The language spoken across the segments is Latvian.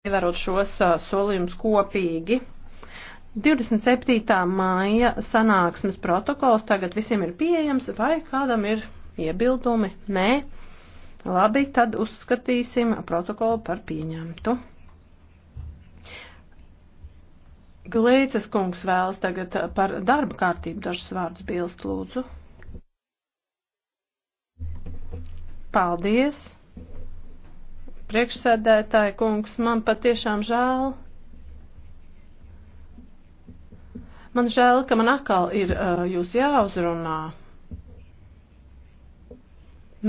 ievarot šos solījumus kopīgi. 27. māja sanāksmes protokols tagad visiem ir pieejams, vai kādam ir iebildumi? Nē. Labi, tad uzskatīsim protokolu par pieņemtu. Glēces kungs vēlas tagad par darba kārtību dažus vārdus bilst lūdzu. Paldies! Priekšsēdētāji kungs, man patiešām žēl. Man žēl, ka man atkal ir uh, jūs jāuzrunā.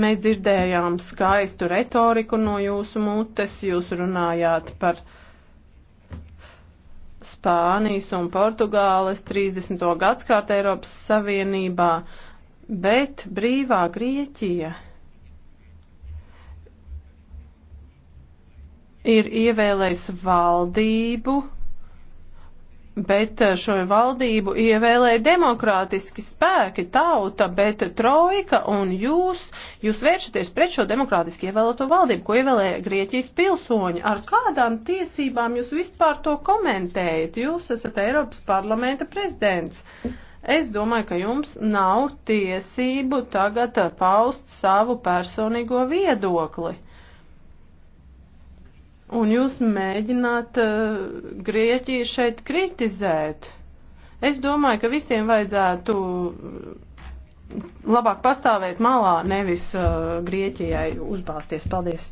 Mēs dzirdējām skaistu retoriku no jūsu mutes, jūs runājāt par Spānijas un Portugāles 30. gadskārt Eiropas Savienībā, bet brīvā Grieķija. ir ievēlējis valdību, Bet šo valdību ievēlēja demokrātiski spēki, tauta, bet trojka un jūs, jūs vēršaties pret šo demokrātiski ievēlēto valdību, ko ievēlēja Grieķijas pilsoņi. Ar kādām tiesībām jūs vispār to komentējat? Jūs esat Eiropas parlamenta prezidents. Es domāju, ka jums nav tiesību tagad paust savu personīgo viedokli. Un jūs mēģināt uh, Grieķiju šeit kritizēt. Es domāju, ka visiem vajadzētu eh, labāk pastāvēt malā, nevis uh, Grieķijai uzbāzties. Paldies!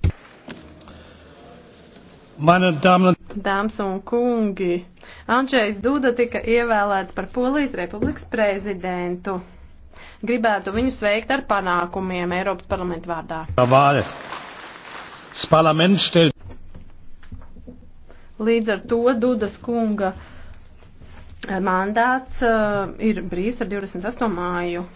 Mana dāmas Dāmas un kungi, Andrzejs Duda tika ievēlēts par Polijas republikas prezidentu. Gribētu viņu sveikt ar panākumiem Eiropas parlamentu vārdā. Līdz ar to Dudas kunga eh, mandāts uh, ir brīvs ar 28 māju.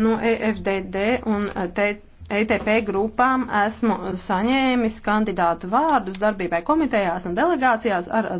No EFDD un ETP eh, e grupām esmu saņēmis kandidātu vārdus darbībai komitejās un delegācijās ar